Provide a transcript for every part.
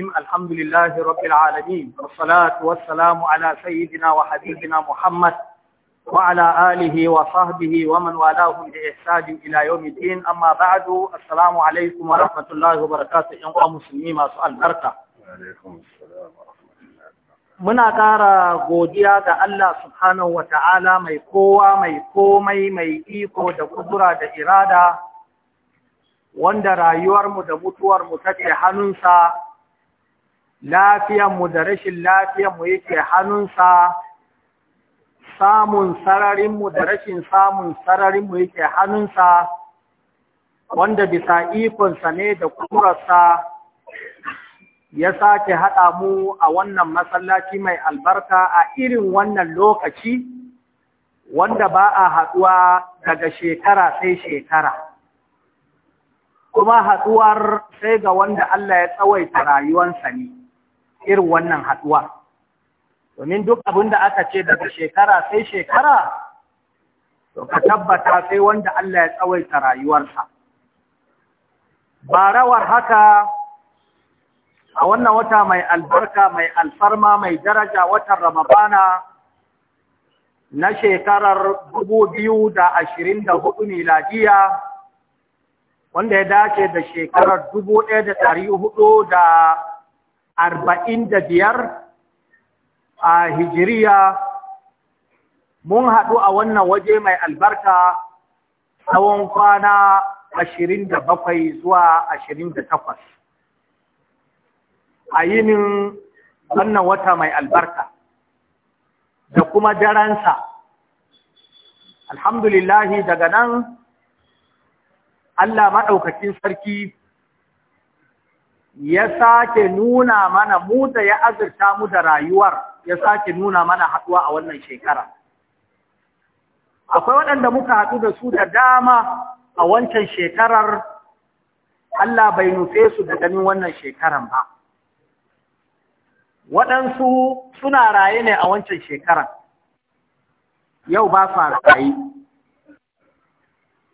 الرحيم الحمد لله رب العالمين والصلاة والسلام على سيدنا وحبيبنا محمد وعلى آله وصحبه ومن والاهم بإحسان إلى يوم الدين أما بعد السلام عليكم ورحمة الله وبركاته يوم مسلمين ما سؤال بركة وعليكم السلام ورحمة الله muna ƙara godiya ga Allah subhanahu wa ta'ala mai kowa mai komai mai iko da kudura da irada wanda rayuwarmu da mutuwarmu take hannunsa lafiyanmu da rashin lafiyanmu yake hannunsa samun sararinmu da rashin samun sararinmu yake hannunsa wanda bisa ikonsa ne da kurarsa ya sake haɗa mu a wannan masallaci mai albarka a irin wannan lokaci wanda ba a haɗuwa daga shekara sai shekara kuma haɗuwar sai ga wanda Allah ya tsawaita rayuwansa ne irin wannan haɗuwa. Domin duk abin da aka ce daga shekara sai shekara, to ka tabbata sai wanda Allah ya tsawaita rayuwarsa. Barawar haka a wannan wata mai albarka, mai alfarma, mai daraja watan Ramadana na shekarar da da hudu miladiya, wanda ya dace da shekarar da hudu da arba'in da biyar a hijiriya mun haɗu a wannan waje mai albarka tsawon kwana ashirin da bakwai zuwa ashirin da takwas a yinin wannan wata mai albarka da kuma daransa alhamdulillahi daga nan Allah maɗaukakin sarki ya sake nuna mana mu da ya azurta mu da rayuwar ya sake nuna mana haɗuwa a wannan shekara akwai waɗanda muka haɗu da su da dama a wancan shekarar Allah bai nufe su da ganin wannan shekaran ba waɗansu suna raye ne a wancan shekarar yau ba su raye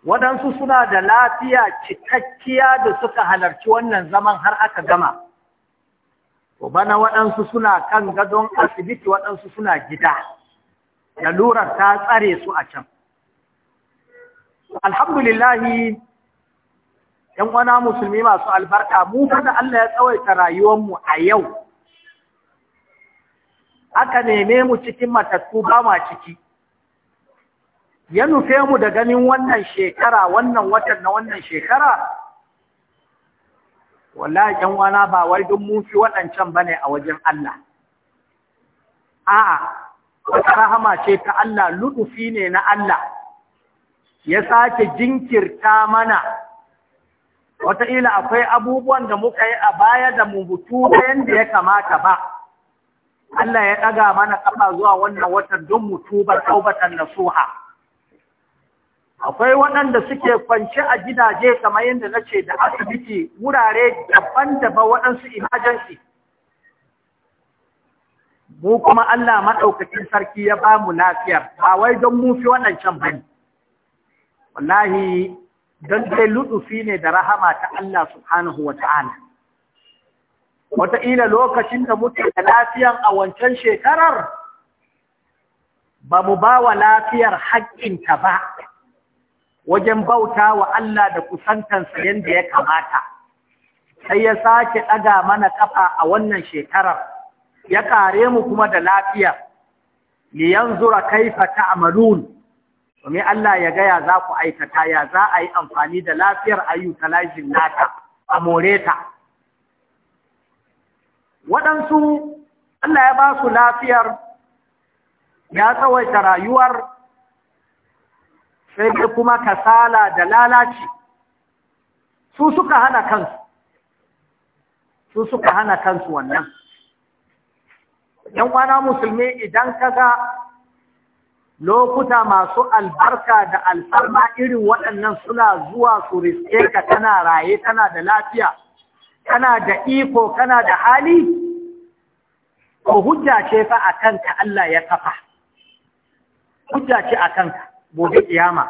waɗansu suna da lafiya cikakkiya da suka halarci wannan zaman har aka gama Ko bana waɗansu suna kan gadon asibiti waɗansu suna gida lalurar ta tsare su a can alhamdulillahi ‘yan wana musulmi masu albarka mu da Allah ya tsawaita rayuwarmu a yau aka neme mu cikin matattu ba ma ciki ya nufe mu da ganin wannan shekara wannan watan na wannan shekara wallahi ƴan wana ba wai duk mun fi waɗancan bane a wajen Allah a'a wata rahama ce ta Allah lutufi ne na Allah ya sake jinkirta mana wataƙila akwai abubuwan da muka yi a baya da mu mutu da yadda ya kamata ba Allah ya ɗaga mana ƙafa zuwa wannan watan don mutu ba na nasuha. akwai waɗanda suke kwance a gidaje kamar yadda na ce da asibiti wurare daban-daban waɗansu emergency mu kuma Allah maɗaukacin sarki ya ba mu lafiyar ba wai don mu fi waɗancan bane wallahi don dai lutufi ne da rahama ta Allah subhanahu wa ta'ala wataƙila lokacin da muke da lafiyan a wancan shekarar ba mu ba wa lafiyar haƙƙinta ba wajen bauta wa Allah da kusantansa yadda ya kamata sai ya sake ɗaga mana ƙafa a wannan shekarar ya ƙare mu kuma da lafiya liyanzura kaifa ta'malun domin Allah ya gaya za ku aikata ya za a yi amfani da lafiyar ayyuka lajin nata a moreta waɗansu Allah ya ba su lafiyar ya tsawaita rayuwar sai dai kuma kasala da lalaci su suka hana kansu su suka hana kansu wannan yan kwana musulmi idan ka ga lokuta masu albarka da alfarma irin waɗannan suna zuwa su riske ka kana raye tana da lafiya kana da iko kana da hali ko hujja ce fa a kanka Allah ya kafa hujja ce a kanka gobe kiyama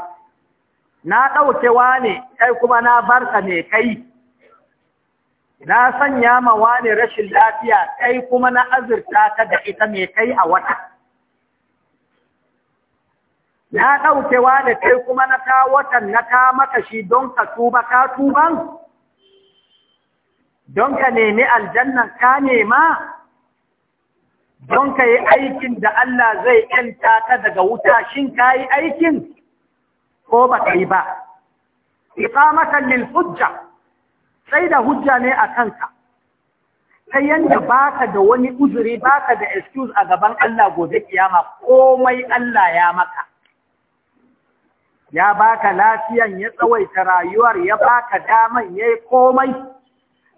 na ɗaukewa ne kai kuma na barka ne kai na sanya ma wane rashin lafiya kai kuma na azurta ta da ita mai kai a wata na ɗaukewa da kai kuma na ta watan na ta maka shi don ka tuba ka tuban don ka nemi aljannan ka nema don ka yi aikin da Allah zai ‘yanta ka daga wuta shin ka yi aikin ko ba ka yi ba. Iqamatan lil hujja, sai da hujja ne a kanka, ta yanda ba ka da wani uzuri ba ka da excuse a gaban Allah gobe kiyama komai Allah ya maka. Ya ba ka lafiyan ya tsawaita rayuwar ya ba ka daman ya yi komai,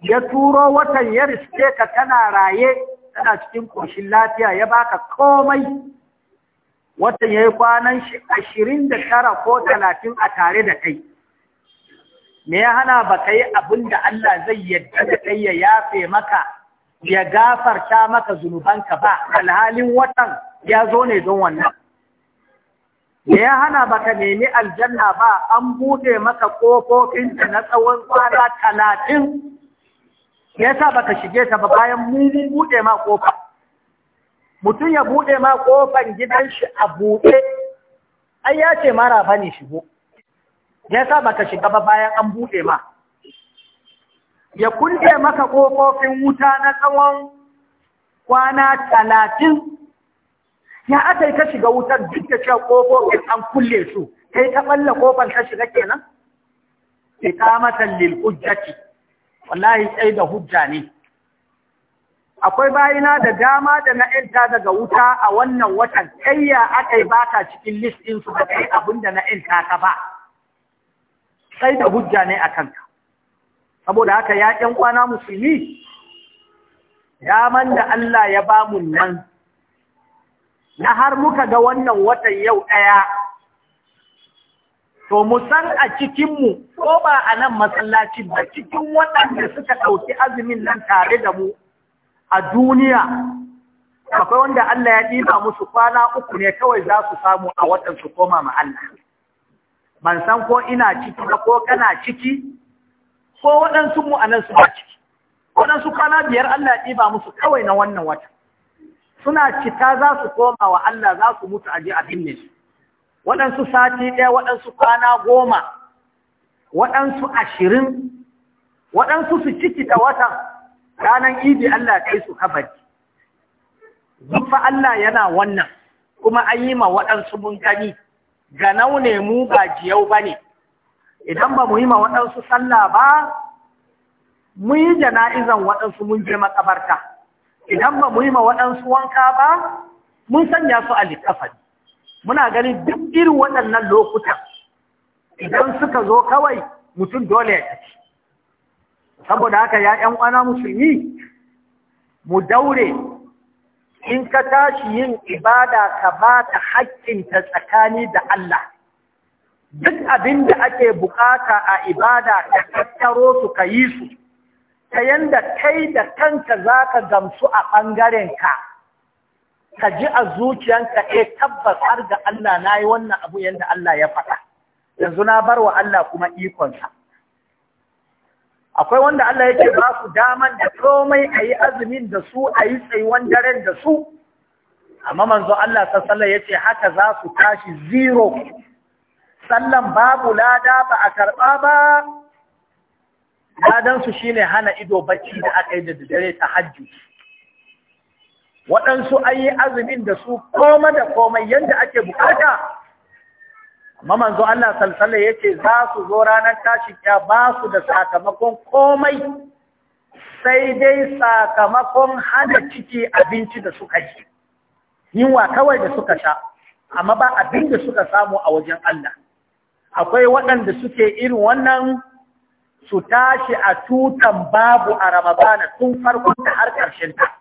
ya turo watan ya riske ka tana raye. tana cikin koshin lafiya ya baka komai watan ya yi kwanan ashirin da tara ko talatin a tare da kai me ya hana ba ka yi abin da Allah zai yadda da kai ya yafe maka ya gafarta maka zunubanka ba alhalin watan ya zo ne don wannan me ya hana ba ka nemi aljanna ba an buɗe maka ƙofofinta na tsawon kwana talatin Ya yasa baka shige ta ba bayan mu mun bude ma kofa mutum ya bude ma kofan gidan shi a bude ai ya ce mara bane shigo Ya yasa baka shiga ba bayan an bude ma ya kunde maka kofofin wuta na tsawon kwana talatin ya aka ka shiga wutar duk da cewa kofofin an kulle su kai ta ɓalla kofar ka shiga kenan iqamatan lil hujjati wallahi sai da hujja ne akwai bayina da dama da na ‘yanta daga wuta a wannan watan kayya akai baka cikin ta cikin su ba kai abin na ‘yanta ka ba sai da hujja ne a kanka saboda haka ya ‘yan kwana musulmi daman da Allah ya ba mu nan na har muka ga wannan watan yau ɗaya to mu san a cikinmu ko ba a nan masallacin ba cikin waɗanda suka ɗauki azumin nan tare da mu a duniya akwai wanda Allah ya ɗiba musu kwana uku ne kawai za su samu a waɗansu koma ma'alla. Allah ban san ko ina ciki ba ko kana ciki ko waɗansu mu nan su ba ciki waɗansu kwana biyar Allah ya ɗiba musu kawai na wannan wata suna cika za su koma wa Allah za su mutu aje a ne su waɗansu sati ɗaya waɗansu kwana goma waɗansu ashirin waɗansu su ciki ta watan ranar idi Allah kai su kabari fa Allah yana wannan kuma an yi ma waɗansu mun gani ga naune mu ba jiyau ba ne idan ba mu yi ma waɗansu sallah ba mu yi jana'izan waɗansu mun je makabarta idan ba mu yi ma waɗansu wanka ba mun sanya su a littafani muna ganin duk irin waɗannan lokutan idan suka zo kawai mutum dole ya tafi saboda haka ya ‘yan ƙwana musulmi mu daure in ka tashi yin ibada ka ba ta haƙƙinta tsakani da Allah duk abin da ake bukata a ibada ka tattaro su ka yi su ta yanda kai da kanka za ka gamsu a ɓangarenka ka ji a zuciyanka eh tabbas har ga Allah na yi wannan abu yadda Allah ya faɗa yanzu na bar wa Allah kuma ikonsa akwai wanda Allah yake ba su daman da komai a yi azumin da su a yi tsayuwan daren da su amma manzo Allah sassallar ya ce haka za su tashi zero sallan babu lada ba a karɓa ba ladansu shine hana ido bacci da aka yi da dare ta hajji waɗansu an yi azumin da su koma da komai yadda ake bukata mamanzo Allah salsalai ya ce za su zo ranar tashi ya ba su da sakamakon komai sai dai sakamakon hada ciki abinci da suka yi yinwa kawai da suka sha amma ba abin da suka samu a wajen Allah akwai waɗanda suke irin wannan su tashi a tutan babu a Ramadana tun farkon da har ƙarshen ta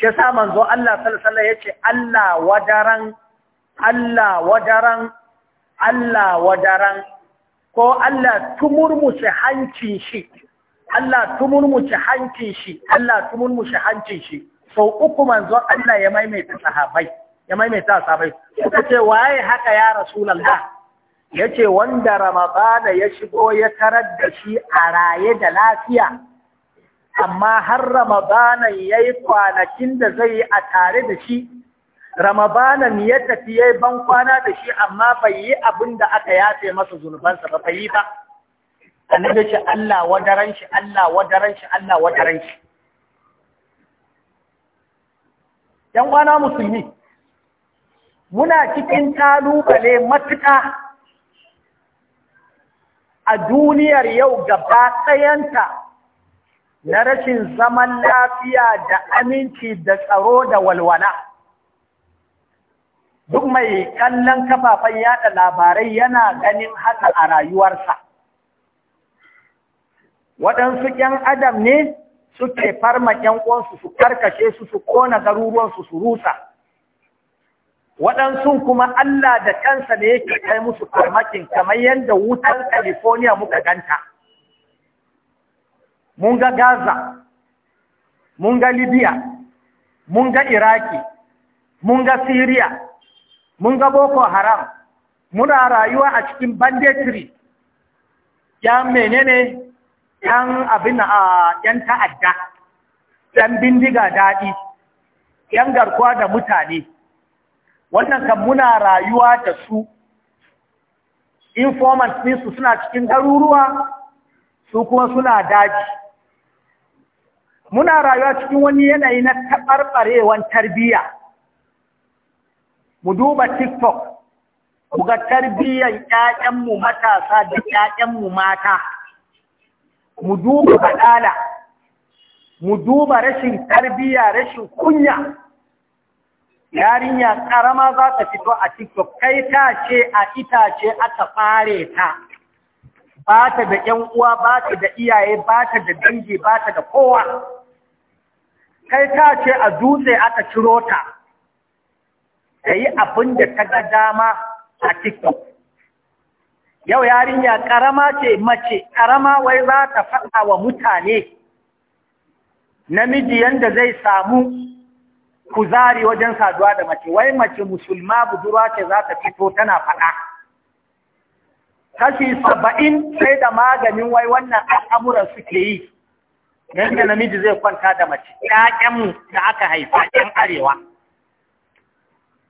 shi yasa manzo Allah sallallahu alaihi yace Allah wadaran Allah wadaran Allah wadaran ko Allah tumurmushi hancin shi Allah tumurmushi hancin shi Allah tumurmushi hancin shi sau uku manzo Allah ya maimaita sahabbai ya maimaita sahabbai suka ce waye haka ya rasulullah yace wanda ramadana ya shigo ya tarar da shi a raye da lafiya amma har ramadanan ya yi kwanakin da zai yi a tare da shi ramadanan ya tafi ya yi ban kwana da shi amma bai yi abin da aka yafe masa zunubansa ba bai yi ba annabi shi Allah wadaran shi Allah wadaran shi Allah wadaran shi ‘yan kwana musulmi muna cikin talukale matuƙa a duniyar yau gaba tsayanta na rashin zaman lafiya da aminci da tsaro da walwala. Duk mai kallon kafafen yada labarai yana ganin haka a rayuwarsa. Waɗansu ‘yan adam ne suke farma ƴan uwansu su karkashe su su kona garuruwansu su rusa. Waɗansu kuma Allah da kansa ne yake kai musu farmakin kamar yadda wutar California muka ganta. mun ga Gaza, mun ga Libya, mun ga Iraki, mun ga Siriya, mun ga Boko Haram, muna rayuwa a cikin banditry, ‘yan menene ‘yan abin a ‘yan ta'adda, ‘yan bindiga daɗi, ‘yan garkuwa da mutane, wannan kan muna rayuwa da su, informants ɗinsu suna cikin garuruwa, su kuma suna daji. muna rayuwa cikin wani yanayi na taɓarɓarewan tarbiyya mu duba tiktok muga ga 'ya'yan mu matasa da ya'yanmu mata mu duba baɗala mu duba rashin tarbiyya rashin kunya yarinya ƙarama za ta fito a tiktok kai ta ce a itace aka fare ta ba ta da ƴan uwa ba ta da iyaye ba ta da dangi ba ta da kowa kai ta ce a dutse aka ciro ta ta yi abin da ta ga dama a tiktok yau yarinya karama ce mace karama wai za ta faɗa wa mutane namiji yanda zai samu kuzari wajen saduwa da mace wai mace musulma budurwa ce za ta fito tana faɗa kashi saba'in sai da maganin wai wannan al'amuran suke yi yadda namiji zai kwanta da mace ƴaƴanmu da aka haifa ƴan arewa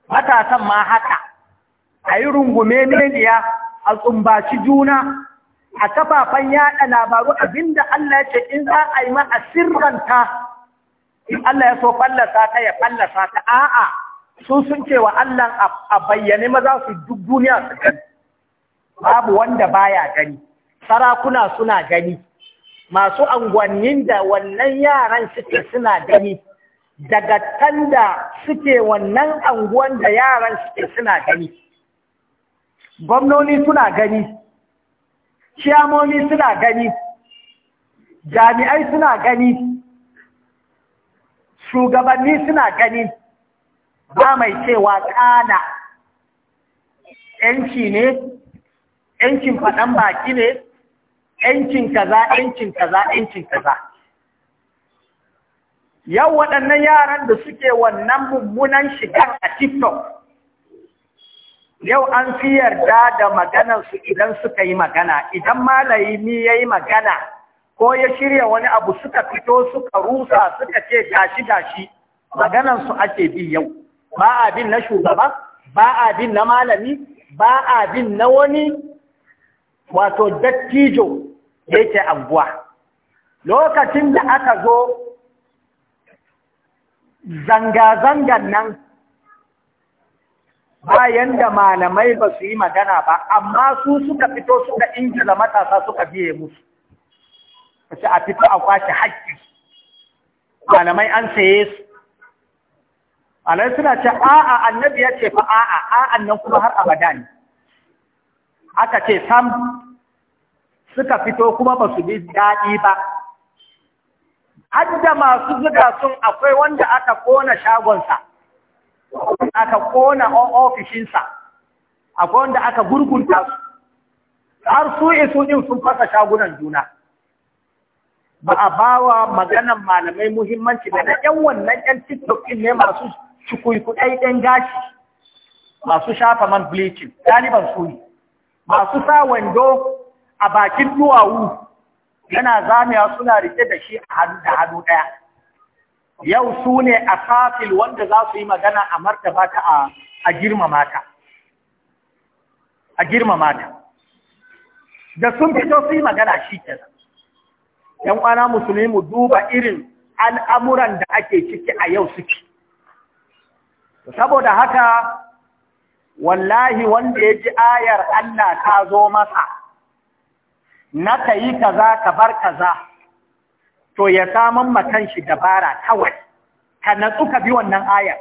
matasan ma haka a yi rungume meniya a tsumbaci juna a kafafen yaɗa labaru abinda Allah ya ce in za a yi ma a sirranta in Allah ya so fallasa ta ya fallasa ta a'a sun sun ce wa Allah a bayyane maza su duk duniya su gani babu wanda baya gani sarakuna suna gani masu angwannin da wannan yaran suke suna gani daga tanda suke wannan anguwan da yaran suke suna gani gwamnoni suna gani ciyamomi suna gani jami'ai suna gani shugabanni suna gani ba mai cewa kana yanci ne yancin faɗan baki ne ‘yancin kaza, ‘yancin kaza, ‘yancin kaza. Yau waɗannan yaran da suke wannan mummunan shigar a TikTok, yau an fi yarda da maganarsu idan suka yi magana, idan malami ya yi magana ko ya shirya wani abu suka fito suka rusa suka ce gashi-gashi, maganarsu ake bi yau, ba abin na shugaba, ba abin na malami, ba abin na wani wato dattijo yake anguwa lokacin da aka zo zanga-zangan nan bayan da malamai ba su yi magana ba amma su suka fito suka ingiza matasa suka biye musu wace a fito a kwashe haƙƙi malamai an saye su alai suna ce a'a annabi ya ce fa a'a a'an nan kuma har abada ne aka ce sam suka fito kuma ba su bi daɗi ba. Hadda masu zuga sun akwai wanda aka kona shagonsa, aka kona ofishinsa, akwai wanda aka gurgunta su, har su isu in sun fasa shagunan juna. Ba a wa maganan malamai muhimmanci da na wannan ‘yan TikTok ɗin ne masu cikuikuɗai ɗan gashi, masu shafa man bleaching, ɗaliban su ne, masu sa wando a bakin duwawu yana zamiya suna rike da shi da hannu ɗaya yau su ne a safil wanda za su yi magana a martaba ta a girma mata a girma mata da sun fito su yi magana shi kenan ‘yan kwana musulmi mu duba irin al'amuran da ake ciki a yau suke. Saboda haka, wallahi wanda ya ji ayar Allah ta zo masa, na ka yi kaza ka bar kaza to ya samun makan shi dabara kawai ka natsu ka bi wannan ayar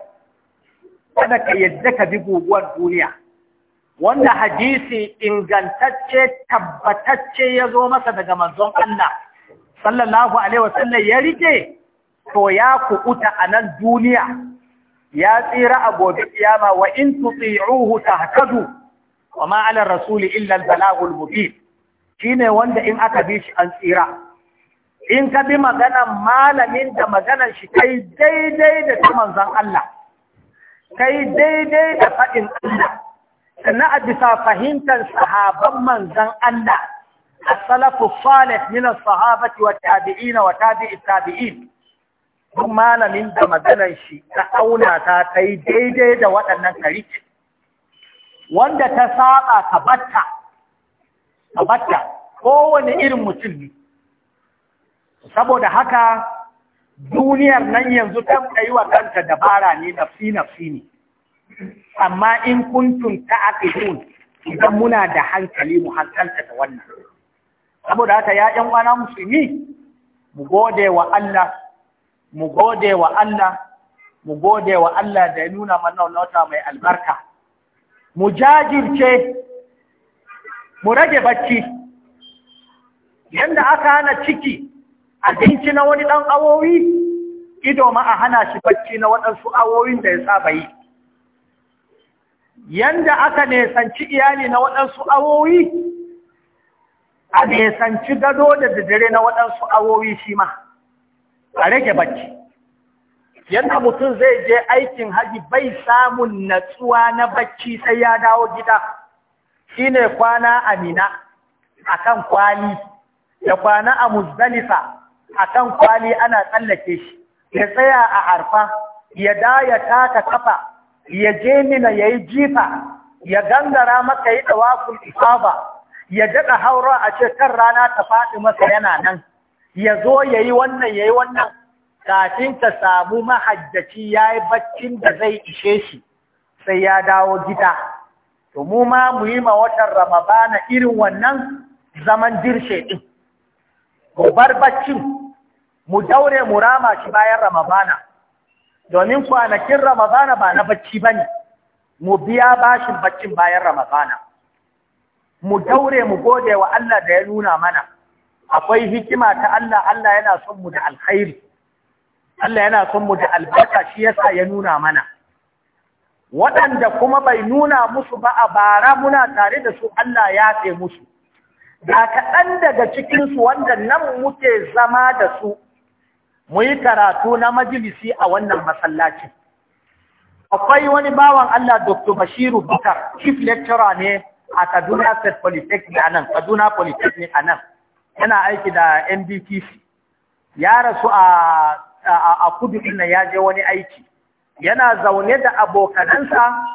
kada ka yadda ka bi guguwar duniya wanda hadisi ingantacce tabbatacce ya zo masa daga manzon Allah sallallahu alaihi wasallam ya rike to ya kuɓuta a nan duniya ya tsira a gobe wa in tuti'uhu tahtadu wa ma ala rasuli illa al-balagul mubin shine wanda in aka bi shi an tsira in ka bi maganan malamin da maganar shi kai daidai da ta manzon Allah kai daidai da faɗin Allah na a bisa fahimtar sahaban manzon Allah السلف sahabati wa الصحابة wa وتابع tabi'in. duk malamin da maganar shi ta auna ta kai yi daidai da waɗannan tariki wanda ta saba ka batta a batta kowane irin mutum ne saboda haka duniyar nan yanzu kan yi wa kanta dabara ne fi-na-fi ne amma in kuntun ta aka ta'aqilun idan muna da hankali mu hankalta da wannan saboda haka ya ƴan wana musulmi mu gode wa Allah mu gode wa Allah mu gode wa Allah da ya nuna mana mai albarka mu jajirce mu rage bacci yadda aka hana ciki abinci na wani ɗan awowi ido ma a hana shi bacci na waɗansu awowin da ya saba yi yanda aka nesanci iyali na waɗansu awowi a nesanci gado da dare na waɗansu awowi shi ma a rage bacci yadda mutum zai je aikin haji bai samun natsuwa na bacci sai ya dawo gida shine kwana a Mina akan kwali ya kwana a Muzdalifa akan kwali ana tsallake shi ya tsaya a Arfa ya da ya taka kafa ya je Mina yayi jifa ya gangara maka yi tawaful ifaba ya daɗa haura a ce kan rana ta faɗi masa yana nan ya zo yayi wannan yayi wannan kafin ka samu mahajjaci yayi baccin da zai ishe shi sai ya dawo gida to mu ma mu yi ma watan ramadana irin wannan zaman dirshe din. mu bar baccin mu daure mu rama shi bayan ramadana domin kwanakin ramadana ba na bacci bane. mu biya bashin baccin bayan ramadana mu daure mu gode wa Allah da ya nuna mana akwai hikima ta Allah Allah yana son mu da alkhairi Allah yana son mu da albarka shi yasa ya nuna mana waɗanda kuma bai nuna musu ba a bara muna tare da su Allah ya ce musu da kaɗan daga cikinsu wanda nan muke zama da su mu yi karatu na majalisi a wannan masallaci akwai wani bawan Allah Dr. Bashiru Bukar chief lecturer ne a Kaduna State Polytechnic a nan Kaduna Polytechnic a yana aiki da NDTC ya rasu a a kudu ɗin ya je wani aiki yana zaune da abokanansa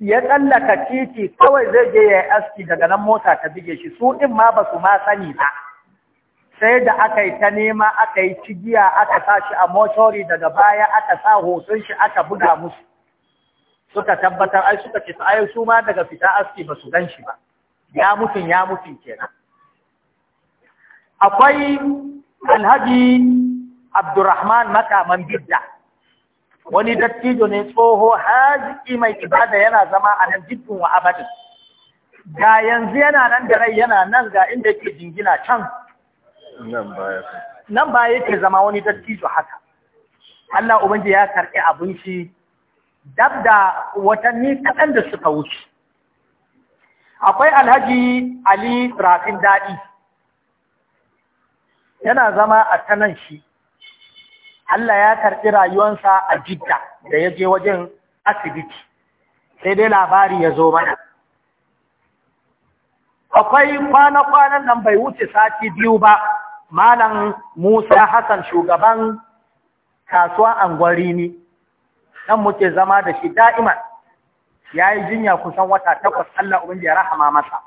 ya tsallaka titi kawai zai je ya yi aski daga nan mota ta bige shi su ɗin ma ba su ma sani ba sai da aka yi ta nema aka yi cigiya aka sa shi a motori daga baya aka sa hoton shi aka buga musu suka tabbatar ai suka ce ai su ma daga fita aski ba su gan shi ba ya mutum ya mutun kenan akwai alhaji abdurrahman makaman bidda wani dattijo ne tsoho haziki mai ibada yana zama a nan jikin wa abadin ga yanzu yana nan da rai yana nan ga inda yake jingina can nan ba yake zama wani dattijo haka Allah ubangiji ya karɓi abin shi dab da watanni kaɗan da suka wuce akwai alhaji Ali Rafin Daɗi yana zama a tanan shi Allah ya karɓi rayuwansa a jidda da ya je wajen asibiti sai dai labari ya zo mana akwai kwana-kwanan nan bai wuce sati biyu ba malam musa hassan shugaban kasuwan angwari ne nan muke zama da shi da'iman ya yi jinya kusan wata takwas Allah ubin ya rahama masa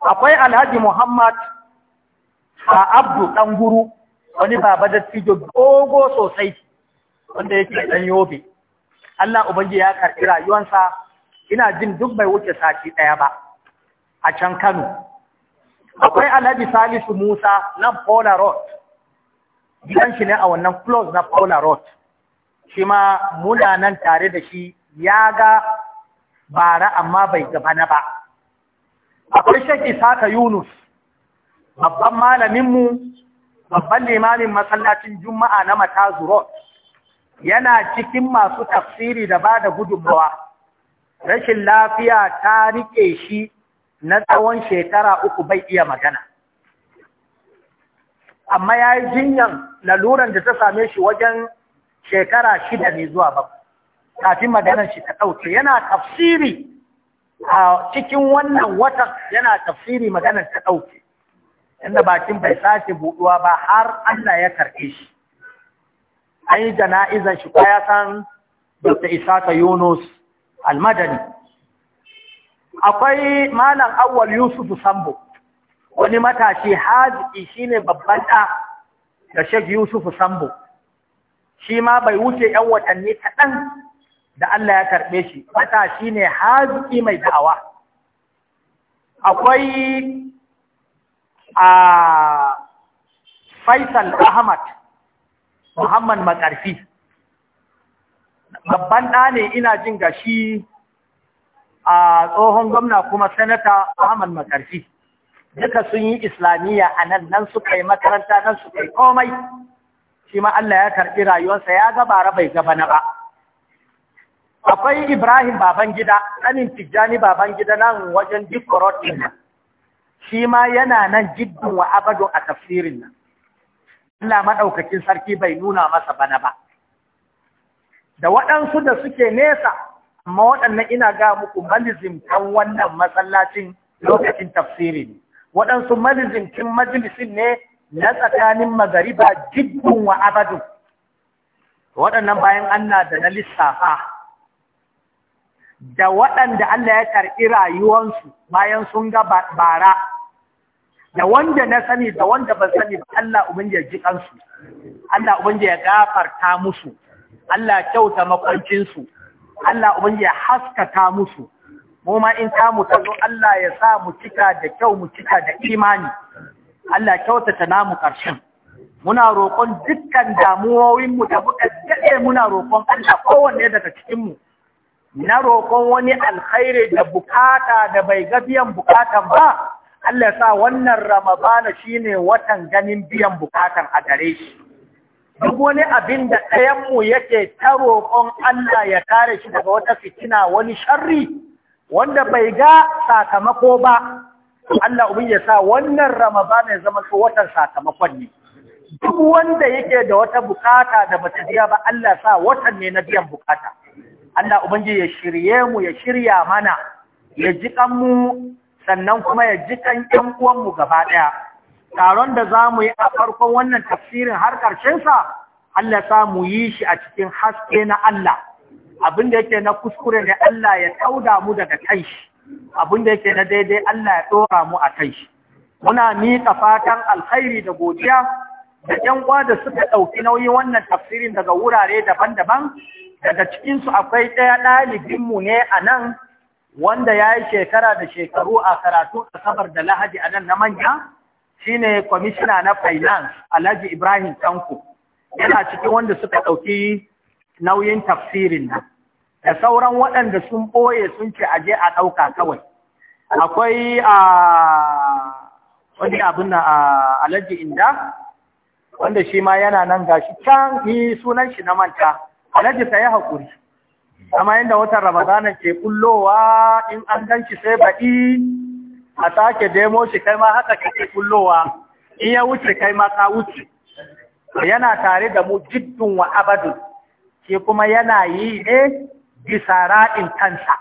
akwai alhaji muhammad a abdu ɗanguru wani baba da tijo dogo sosai wanda yake dan yobe Allah ubangi ya karɓi rayuwansa ina jin duk bai wuce sati ɗaya ba a can Kano akwai Alhaji Salisu Musa na Paula Road gidan shi ne a wannan close na Paula Road shi ma muna nan tare da shi ya ga bara amma bai gaba na ba akwai Sheikh Isa Yunus babban malamin mu babban limamin masallacin juma'a na Matazuro yana cikin masu tafsiri da ba da gudunmawa rashin lafiya ta rike shi na tsawon shekara uku bai iya magana amma ya yi jinyan laluran da ta same shi wajen shekara shida ne zuwa ba kafin maganar shi ta ɗauke yana tafsiri a cikin wannan watan yana tafsiri maganar ta ɗauke inda bakin bai sake buɗuwa ba har Allah ya karɓe shi an yi jana'izan shi kwaya san Dr. Isaka Yunus Almadani akwai malam awwal Yusuf Sambo wani matashi haji shine babban ɗa da Sheikh Yusuf Sambo shi ma bai wuce 'yan watanni kaɗan da Allah ya karɓe shi matashi ne haji mai da'awa akwai a Faisal Ahmad Muhammad Makarfi babban ɗa ne ina jin gashi a tsohon gwamna kuma sanata Ahmad Makarfi duka sun yi islamiyya a nan nan suka yi makaranta nan suka yi komai shi Allah ya karɓi rayuwarsa ya gabara bai gaba na ba akwai Ibrahim Babangida ɗanin Tijjani Babangida nan wajen dikorot shi ma yana nan jiddin wa abadun a tafsirin nan Allah maɗaukakin sarki bai nuna masa bana ba da waɗansu da suke nesa amma waɗannan ina ga muku kan wannan masallacin lokacin tafsirin, waɗansu waɗansu kin majalisin ne na tsakanin magariba jiddin wa abadun waɗannan bayan Allah da na lissafa da waɗanda Allah ya karɓi rayuwansu bayan sun ga bara, da wanda na sani da wanda ban sani ba Allah ya ji kansu, Allah ya gafarta musu, Allah kyauta makwancinsu, Allah ya haskata musu, mu ma in ta mu tazo Allah ya sa mu cika da kyau mu cika da imani, Allah kyautata namu ƙarshen. Muna roƙon dukkan damuwowinmu da muka daɗe muna roƙon Allah kowanne daga cikinmu. na roƙon wani alkhairi da bukata da bai ga biyan bukatan ba, Allah sa wannan Ramadana shine watan ganin biyan bukatan a gare shi. Duk wani abin da ɗayanmu yake ta roƙon Allah ya tare shi daga wata fitina wani sharri wanda bai ga sakamako ba, Allah ubin ya sa wannan Ramadana ya zama su watan sakamakon ne. Duk wanda yake da wata bukata da bata biya ba Allah sa watan ne na biyan bukata. Allah Ubangiji ya shirye mu ya shirya mana ya ji sannan kuma ya ji kan uwanmu gaba ɗaya taron da za mu yi a farkon wannan tafsirin har ƙarshensa Allah sa mu yi shi a cikin haske na Allah abin da yake na kuskure ne Allah ya tauda mu daga kai shi abin da yake na daidai Allah ya ɗora mu a kai shi muna miƙa fatan alkhairi da godiya da ƴan uwa da suka ɗauki nauyin wannan tafsirin daga wurare daban-daban daga cikinsu akwai ɗaya ɗalibinmu ne a nan wanda ya yi shekara da shekaru a karatun asabar da lahadi a nan na manya shine kwamishina na finance alhaji ibrahim tanko yana cikin wanda suka ɗauki nauyin tafsirin nan da sauran waɗanda sun ɓoye sun ce aje a ɗauka kawai akwai a wani abin na alhaji inda wanda shi ma yana nan gashi can yi sunan shi na manta alhaji ka yi haƙuri amma yadda watan ramadana ke kullowa in an gan shi sai baɗi a sake demo shi kai ma haka kake kullowa in ya wuce kai ma ka wuce yana tare da mu jiddun wa abadu ke kuma yana yi ne bisa ra'in kansa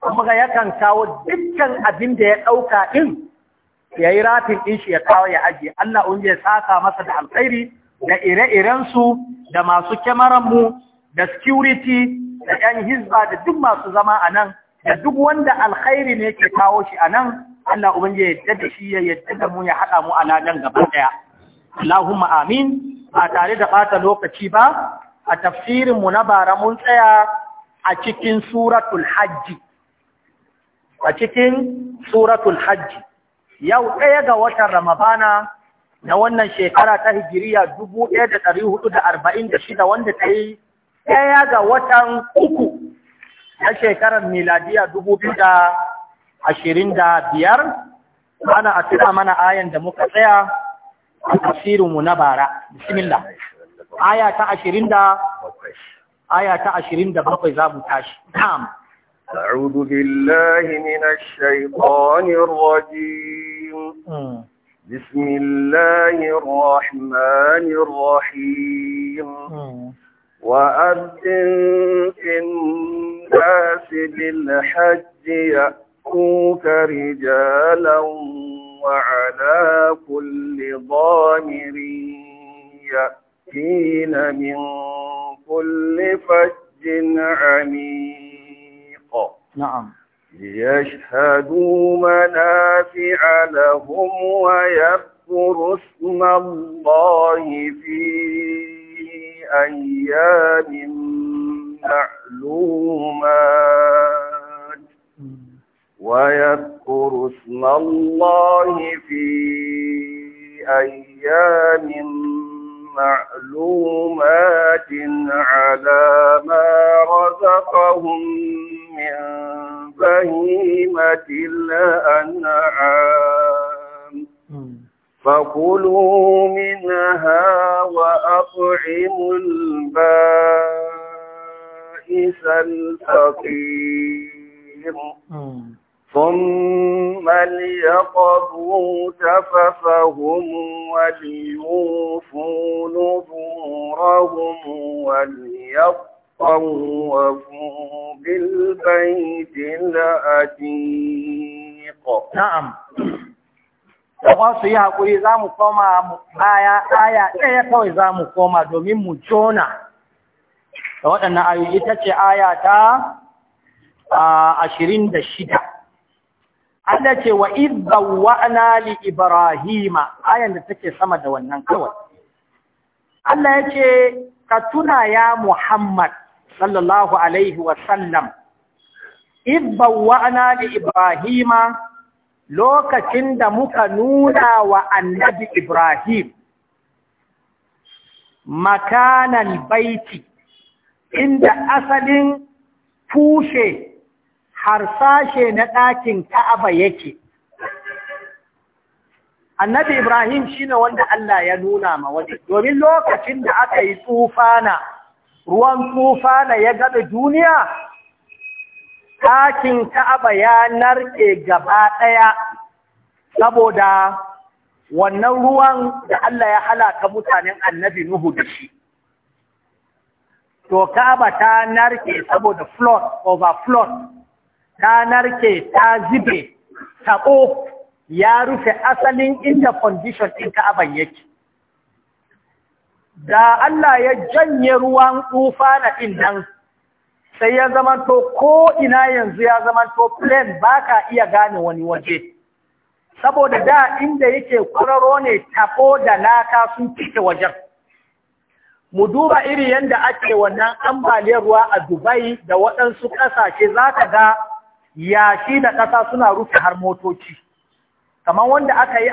kuma ga yakan kawo dukkan abin da ya ɗauka ɗin ya yi rafin ɗin shi ya kawo ya ajiye Allah unje ya saka masa da alkhairi da ire-irensu da masu kyamaranmu da security da ‘yan hizba da duk masu zama a nan da duk wanda alkhairi ne ke kawo shi a nan Allah ubangiji ya yadda da shi ya yadda da mu ya haɗa mu a nan gaba ɗaya Allahumma amin ba tare da ɓata lokaci ba a tafsirin mu na bara mun tsaya a cikin suratul hajji a cikin suratul hajji yau ɗaya ga watan ramadana na wannan shekara ta hijiriya dubu ɗaya da da da hudu arba'in shida wanda ta yi ɗaya ga watan uku na shekarar miladiya dubu biyu da ashirin da biyar ana a tuna mana ayan da muka tsaya a tasirinmu na bara bismillah aya ta ashirin da aya ta ashirin da bakwai za mu tashi na'am أعوذ بالله من الشيطان الرجيم بسم الله الرحمن الرحيم وأذن في الناس بالحج يأتوك رجالا وعلى كل ضامر يأتين من كل فج عميق نعم ليشهدوا منافع لهم ويذكروا اسم الله فيه أيام معلومات ويذكر اسم الله في أيام معلومات على ما رزقهم من بهيمة الأنعام فكلوا منها وأطعموا البائس الفقير ثم ليقضوا تففهم وليوفوا نذورهم وليطوفوا بالبيت العتيق نعم da su yi haƙuri za mu koma aya aya ɗaya kawai za mu koma domin mu jona da waɗannan ayu ita ce aya ta ashirin da shida Allah ce wa ibbawa'na li ibrahima ayan da take sama da wannan kawai Allah ya ce ka tuna ya Muhammad sallallahu alaihi wa sallam ibbawa'na li ibrahima lokacin da muka nuna wa annabi Ibrahim makanan baiti inda asalin tushe harsashe na ɗakin ka'aba yake. Annabi Ibrahim shine wanda Allah ya nuna ma waje, domin lokacin da aka yi tsufana, ruwan tsufana ya gada duniya Kakin ka'aba ya narke gaba ɗaya saboda wannan ruwan da Allah ya halaka mutanen annabi Nuhu da shi. To ka'aba ta narke saboda flood, flood, ta narke ta zube, taɓo ya rufe asalin inda condition ɗin ka'aban yake. Da Allah ya janye ruwan tsufa na ɗin nan. sai ya zamanto ko ina yanzu ya zamanto to ba ka iya gane wani waje saboda da inda yake kwararo ne tabo da laka sun cike wajen mu duba iri yanda ake wannan ambaliyar ruwa a dubai da waɗansu ƙasashe za ka ga yashi da ƙasa suna rufe har motoci kamar wanda aka yi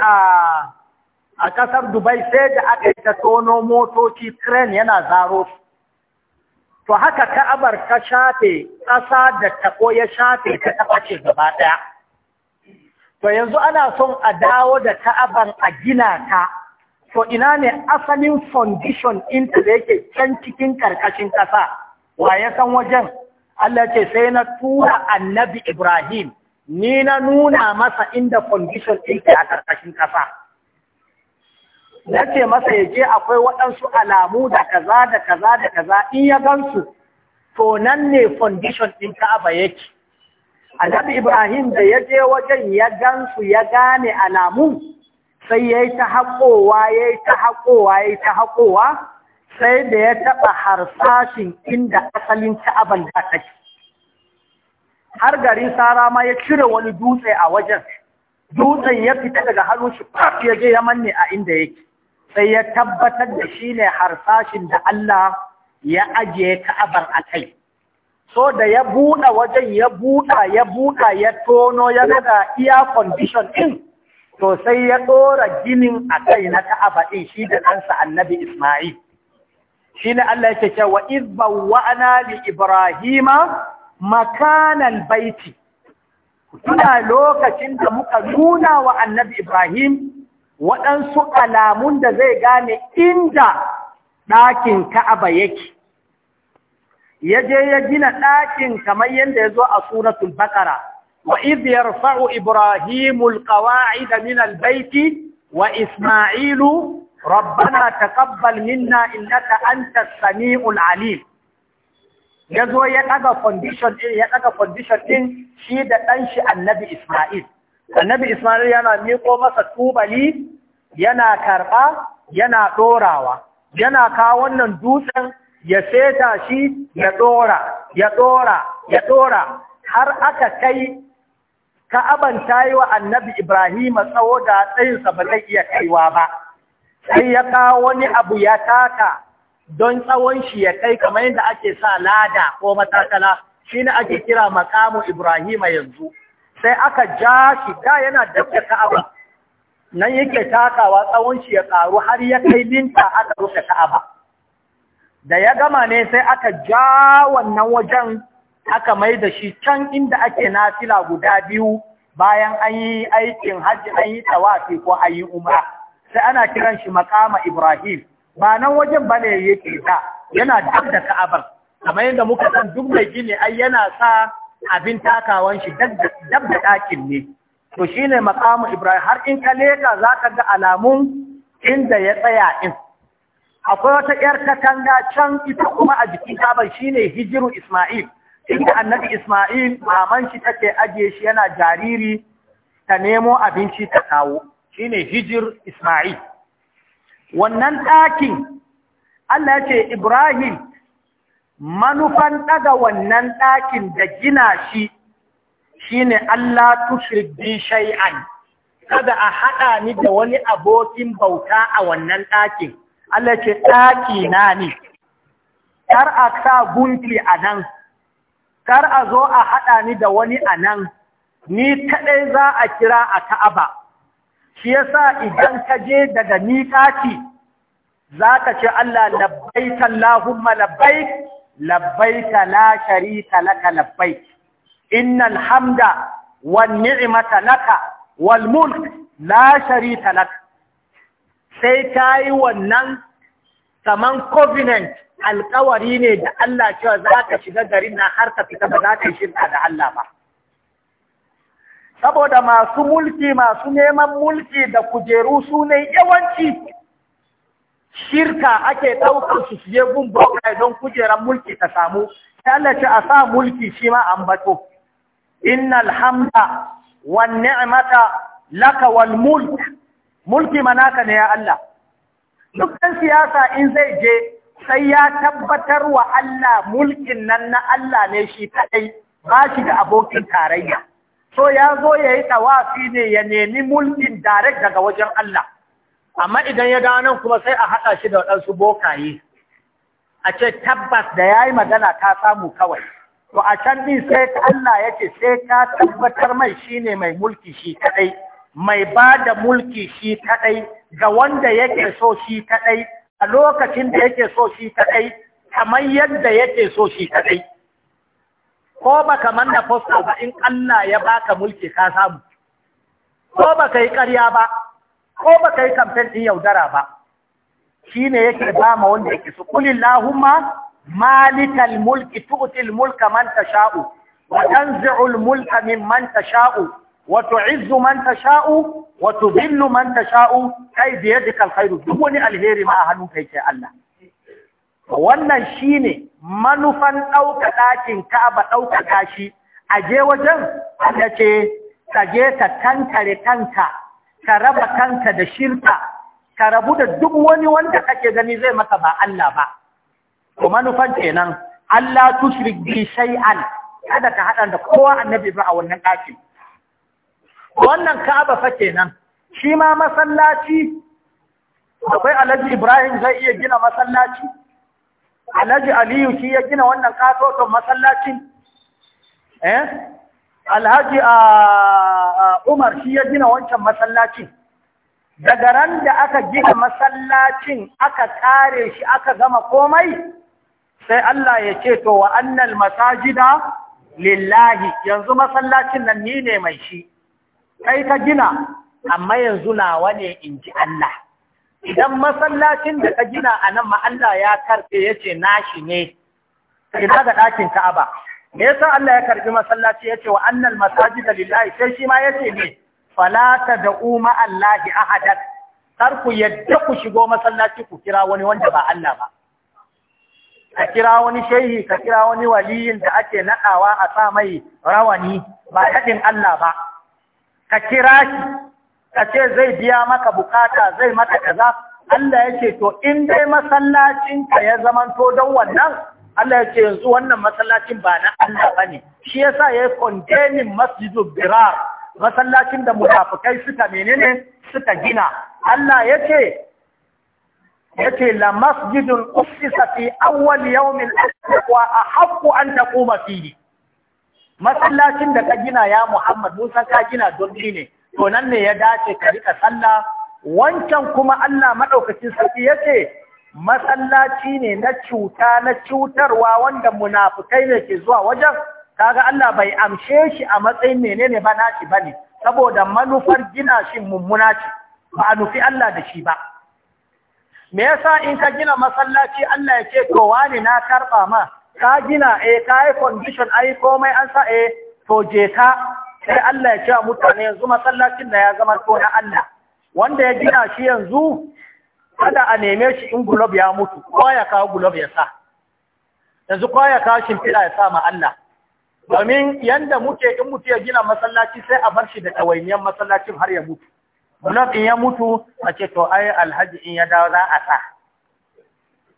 a ƙasar dubai sai da aka yi ta tono motoci crane yana zaro su to haka ka'abar ta shafe ƙasa da taɓo ya shafe ta ce gaba ɗaya to yanzu ana son a dawo da ka'aban a gina ta to ina ne asalin foundation inda da yake can cikin ƙarƙashin ƙasa wa ya san wajen Allah ce sai na tura annabi Ibrahim ni na nuna masa inda foundation ke a ƙarƙashin ƙasa na ce masa ya je akwai waɗansu alamu da kaza da kaza da kaza in ya gansu to nan ne foundation ɗin ka'aba yake annabi ibrahim da ya je wajen ya gansu ya gane alamu sai ya yi ta haƙowa ya yi ta haƙowa ya yi ta haƙowa sai da ya taɓa harsashin inda asalin ka'aban da take har garin sara ma ya cire wani dutse a wajen dutsen ya fita daga hannun shi ya je ya manne a inda yake sai ya tabbatar da shi ne harsashin da Allah ya ajiye ka'abar a kai. So da ya buɗa wajen ya buɗa ya buɗa ya tono ya nada iya condition ɗin, to sai ya ɗora ginin a kai na ka'aba ɗin shi da ɗansa annabi Ismail. Shi ne Allah yake cewa izban wa'ana li Ibrahima makanan baiti. Tuna lokacin da muka nuna wa annabi Ibrahim waɗansu alamun da zai gane inda ɗakin ka'aba yake ya je ya gina ɗakin kamar yadda ya zo a suratul baƙara wa iz yarfa'u ibrahimul qawa'ida min albayti wa isma'ilu rabbana taqabbal minna innaka antas samiul Ali. ya zo ya ɗaga condition ɗin shi da ɗanshi annabi isma'il annabi Ismail yana miƙo masa tubali yana karɓa yana ɗorawa yana kawo wannan dutsen ya seta shi ya ɗora ya ɗora ya ɗora har aka kai ka ta yi wa annabi Ibrahim tsawo da tsayinsa ba zai iya kaiwa ba sai ya kawo wani abu ya taka don tsawon shi ya kai kamar yadda ake sa lada ko matakala ne ake kira makamu Ibrahim yanzu sai aka ja shi da yana da ka'aba nan yake takawa tsawon shi ya karu har ya kai linta aka rufe ka'aba da ya gama ne sai aka ja wannan wajen aka mai da shi can inda ake nafila guda biyu bayan an yi aikin hajji an yi tawafi ko an yi umra sai ana kiran shi makama Ibrahim ba nan wajen ba bane yake da yana dab da Ka'abar kamar yadda muka san duk mai gini ai yana sa abin takawan shi dab da ɗakin ne to shi ne makamu ibrahim har in ka leka za ka ga alamun inda ya tsaya in akwai wata ‘yar katanga can ita kuma a jikin kaban shi ne hijiru Ismail, inda annabi Ismail maman shi take ajiye shi yana jariri ta nemo abinci ta kawo, shi ne hijir Ismail. Wannan ɗakin, Allah ya ce Ibrahim manufan ɗaga wannan ɗakin da gina shi shi ne Allah tushrik bi kada a haɗa ni da wani abokin bauta a wannan ɗakin Allah ce ɗaki na ne kar a sa gunki a nan kar a zo a haɗa ni da wani a nan ni kaɗai za a kira a ta'aba. shi ya sa idan ka je daga ni ɗaki, za ka ce Allah labbaik Allahumma labbaik labbaika la sharika laka labbaik innal hamda wan ni'mata laka wal mulk la sharika laka sai tayi wannan kaman covenant alƙawari ne da Allah cewa za ka shiga garin na har ka fita ba za ka yi shirka da Allah ba saboda masu mulki masu neman mulki da kujeru su yawanci shirka ake ɗaukar su fiye gun don kujerar mulki ta samu sai ce a sa mulki shi ma ambato Inna hamda wa ni'mata laka wal mulk mulki manaka ne ya Allah Dukkan siyasa in zai je sai ya tabbatar wa Allah mulkin nan na Allah ne shi kaɗai ba shi da abokin tarayya so ya zo ya yi tawafi ne ya nemi mulkin direct daga wajen Allah amma idan ya dawo nan kuma sai a haɗa shi da waɗansu bokaye a ce tabbas da ya yi magana ta samu kawai to a can din sai Allah ya ce sai ka tabbatar mai shine mai mulki shi kaɗai mai ba da mulki shi kaɗai ga wanda yake so shi kaɗai a lokacin da yake so shi kaɗai kamar yadda yake so shi kaɗai ko ba ka manna fosta ba in Allah ya baka mulki ka samu ko ba ka yi ƙarya ba ko baka yi kamfen ɗin yaudara ba shi ne yake ba ma wanda yake su kulin lahumma malikal mulki tu'til mulka man tasha'u wa tanzi'ul mulka mimman tasha'u wa tu'izzu man tasha'u wa tudhillu man tasha'u kai biyadika alkhairu duk wani alheri ma a hannun kai ke Allah wannan shine manufan ɗauka ɗakin Ka'aba ɗaukaka shi aje wajen da ce ka je tankare ka raba kanka da shirka ka rabu da duk wani wanda kake gani zai maka ba Allah ba Kuma manufan kenan Allah tushrik bi shay'an kada ka hada da kowa annabi ba a wannan ɗakin wannan Ka'aba fa kenan shi ma masallaci akwai Alhaji Ibrahim zai iya gina masallaci Alhaji Aliyu shi ya gina wannan katoton masallacin eh alhaji a umar shi ya gina wancan masallacin daga ran da aka gina masallacin aka kare shi aka gama komai sai Allah ya ce to wa annal masajida lillahi yanzu masallacin nan ni ne mai shi kai ka gina amma yanzu nawa ne in ji Allah idan masallacin da ka gina a nan ma Allah ya karfe ya ce nashi ne ka ga ɗakin Ka'aba me yasa Allah ya karbi masallaci yace wa annal masajida lillahi sai shi ma yace ne fala tad'u ma Allahi ahadan kar ku yadda ku shigo masallaci ku kira wani wanda ba Allah ba ka kira wani shehi ka kira wani waliyin da ake nadawa a sa mai rawani ba kadin Allah ba ka kira shi ka ce zai biya maka bukata zai maka kaza Allah yace to in dai masallacinka ya zamanto don wannan Allah ya ce yanzu wannan masallacin ba na Allah ba ne, shi ya sa ya yi kondenin masjidu birar, masallacin da munafukai suka menene suka gina. Allah ya ce, ya ce la masjidun ussisa fi awwal yawmin wa ahaqqu an ta taquma fili. Masallacin da ka gina ya Muhammad Musa ka gina don ne, to nan ne ya dace ka rika sallah wancan kuma Allah maɗaukacin sarki ya ce masallaci ne na cuta na cutarwa wanda munafukai ne ke zuwa wajen kaga Allah bai amshe shi a matsayin menene ba nashi bane saboda manufar gina shi mummuna ce ba a nufi Allah da shi ba me yasa in ka gina masallaci Allah ya ce to wani na karba ma ka gina e ka yi condition ai komai an sa eh to je ka sai Allah ya ce mutane yanzu masallacin da ya zama to na Allah wanda ya gina shi yanzu kada a neme shi in gulob ya mutu kwaya ya kawo gulob ya sa yanzu kwaya ya kawo shimfiɗa ya sa ma Allah domin yanda muke in mutu ya gina masallaci sai a bar shi da ɗawainiyar masallacin har ya mutu gulob in ya mutu a ce to ai alhaji in ya dawo za a sa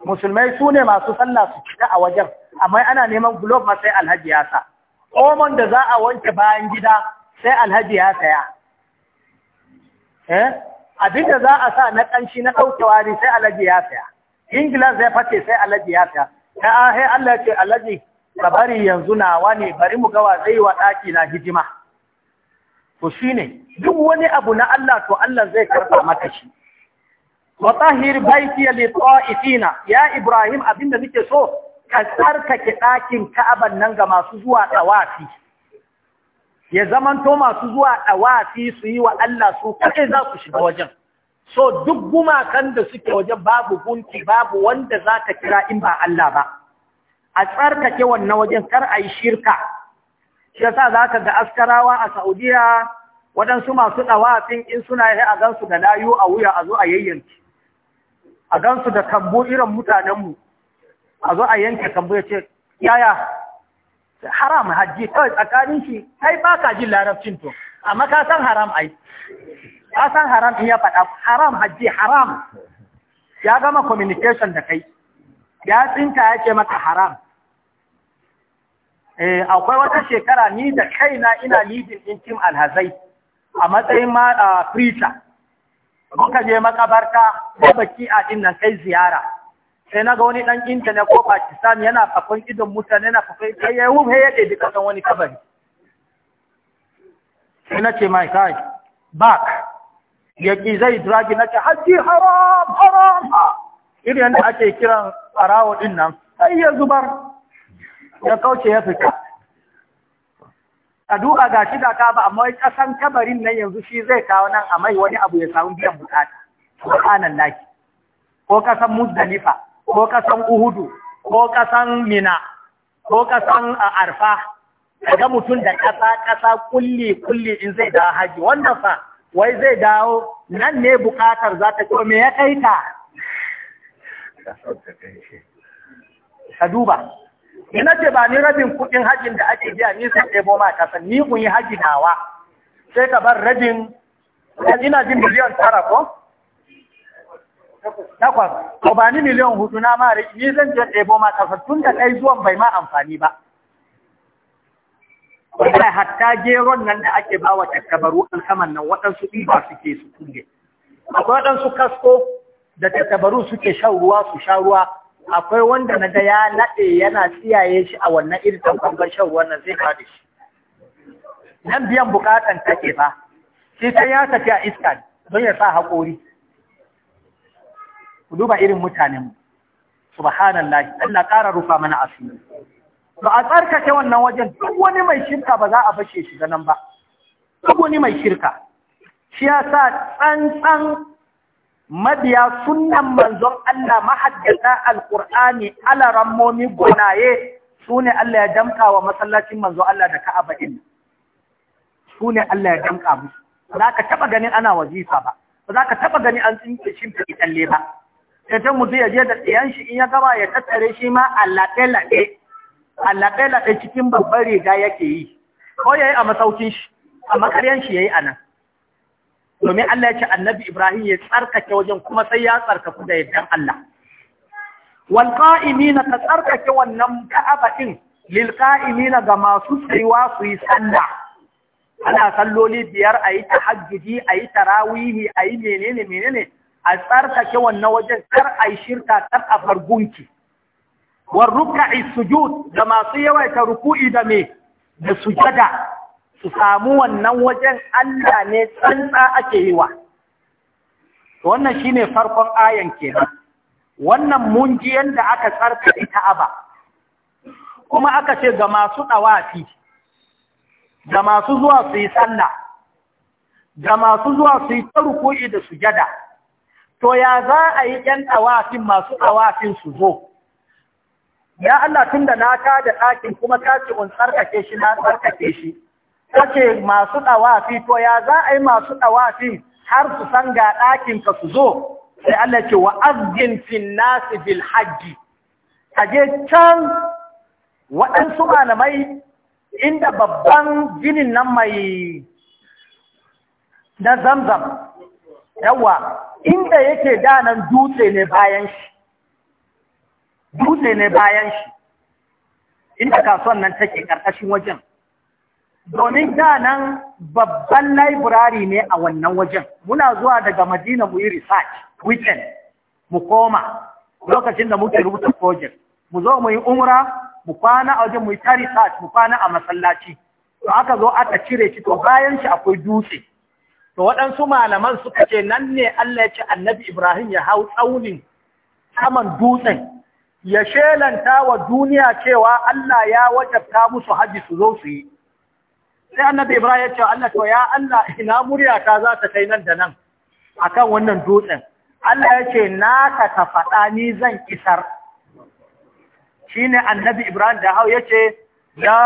musulmai su ne masu sallah su cika a wajen amma ana neman gulob ma sai alhaji ya sa omon da za a wanke bayan gida sai alhaji ya saya eh? Abin da za a sa na ƙanshi na ɗauke wari sai alaji ya saya ingila zai fate sai alaji ya saya ta ahe Allah ce alaji ka bari yanzu na wani bari mu gawa zai wa ɗaki na hijima to ne duk wani abu na Allah to Allah zai karɓa maka shi wa tahir baiti ta'ifina ya ibrahim abinda nake so ka tsarkake ɗakin ka'aban nan ga masu zuwa tawafi ya zamanto masu zuwa ɗawafi su yi wa Allah su kai za su shiga wajen so duk gumakan da suke wajen babu gunki babu wanda za ka kira in ba Allah ba a tsarkake wannan wajen kar a yi shirka shi yasa za ka ga askarawa a Saudiya waɗansu masu ɗawafin in suna yi a gansu da layu a wuya a zo a yayyanki a gansu da kambo irin mutanenmu a zo a yanke kambo ya ce yaya haram hajji kawai tsakanin shi kai ba ka jin larabcin to amma ka san haram ai ka san haram in ya faɗa haram hajji haram ya gama communication da kai ya tsinta ya ce maka haram eh akwai wata shekara ni da kaina ina leading din tim alhazai a matsayin ma ah, preacher muka je makabarta ko baki a dinnan kai ziyara sai na ga wani ɗan intanet ko pakistan yana fafan idon mutane yana fafan sai ya wuce ya ɗaiɗi ƙasar wani kabari sai na ce mai kai back ya ƙi zai dragi na ce haji haram haram irin yadda ake kiran ɓarawo ɗin nan sai ya zubar ya kauce ya fita a duka ga shi da ka ba amma wai kasan kabarin nan yanzu shi zai kawo nan a mai wani abu ya samu biyan bukata subhanallahi ko kasan muzdalifa ko kasan uhudu ko kasan mina ko kasan arfa daga mutum da ƙasa-ƙasa kulli-kulli in zai dawo haji wannan fa wai zai dawo nan ne bukatar za ta kome ya kai ta ka duba ina ce ba ni rabin kuɗin hajin da ake biya ni sun ɗebo ma ƙasa ni kun yi haji nawa sai ka bar rabin ina jin miliyan tara ko takwas ko ba ni miliyan hudu na ma ni zan je ɗebo ma takwas tun da ɗai zuwan bai ma amfani ba wallahi hatta geron nan da ake ba wa tattabaru saman nan waɗansu ɗiba suke su kulle akwai waɗansu kasko da tattabaru suke shan ruwa su sha ruwa akwai wanda na ga ya naɗe yana tsiyaye shi a wannan irin tamkon shan ruwan nan zai faɗi shi nan biyan bukatan take fa sai sai ya tafi a iska don ya sa haƙori ku duba irin mutanen subhanallah Allah ƙara rufa mana asiri ba a tsarkake wannan wajen duk wani mai shirka ba za a bashe shi ganin ba duk wani mai shirka shi ya sa tsantsan mabiya sunan manzon Allah mahaddata alqur'ani ala rammomi gonaye ne Allah ya damka wa masallacin manzon Allah da Ka'aba din ne Allah ya damka musu ba za ka taba ganin ana wazifa ba ba za ka taba gani an tsinke shimfi kalle ba ita mutu ya je da ɗiyan shi in ya gama ya tattare shi ma a laɗe-laɗe cikin babbar riga yake yi ko ya yi a masaukin shi a makaryan shi ya yi a nan domin Allah ya ce annabi Ibrahim ya tsarkake wajen kuma sai ya tsarkaku da yaddan Allah wal qa'imina ka tsarkake wannan ka'aba din lil qa'imina ga masu tsayuwa su yi sallah ana salloli biyar ayi tahajjudi ayi tarawihi ayi menene menene a tsarkake wannan wajen kar a yi shirka kar a fargunki war ruka'i sujud da masu ta ruku'i da me da sujada su samu wannan wajen Allah ne tsantsa ake yi wa wannan shine farkon ayan kenan wannan mun ji yanda aka ta Aba. kuma aka ce ga masu ɗawafi, ga masu zuwa su yi sallah, ga masu zuwa su yi ruku'i da sujada, to ya za a yi ‘yan ɗawafi masu ɗawafin su zo, ya Allah tun da na ka da ɗakin kuma ka ce un tsarkake shi na tsarkake shi, ka ce masu ɗawafi to ya za a yi masu ɗawafi har su san ga ɗakin ka su zo, sai Allah ce wa azgin fin nasi bil hajji, a je can waɗansu malamai inda babban ginin nan mai na zamzam, yawa inda yake danan dutse ne bayan shi dutse ne bayan shi inda kasuwan nan take ƙarƙashin wajen domin da nan babban library ne a wannan wajen muna zuwa daga madina mu yi research weekend mu koma lokacin da muke rubuta project mu zo mu yi umra mu kwana a wajen mu yi ta research mu kwana a masallaci to aka zo aka cire shi to bayan shi akwai dutse to waɗansu malaman suka ce nan ne Allah ya ce annabi Ibrahim ya hau tsaunin saman dutsen ya shelanta wa duniya cewa Allah ya wajabta musu haji su zo su yi sai annabi Ibrahim ya ce Allah to ya Allah ina muryata za ta kai nan da nan akan wannan dutsen Allah ya ce naka ka faɗa ni zan isar shine annabi Ibrahim da hau ya ce ya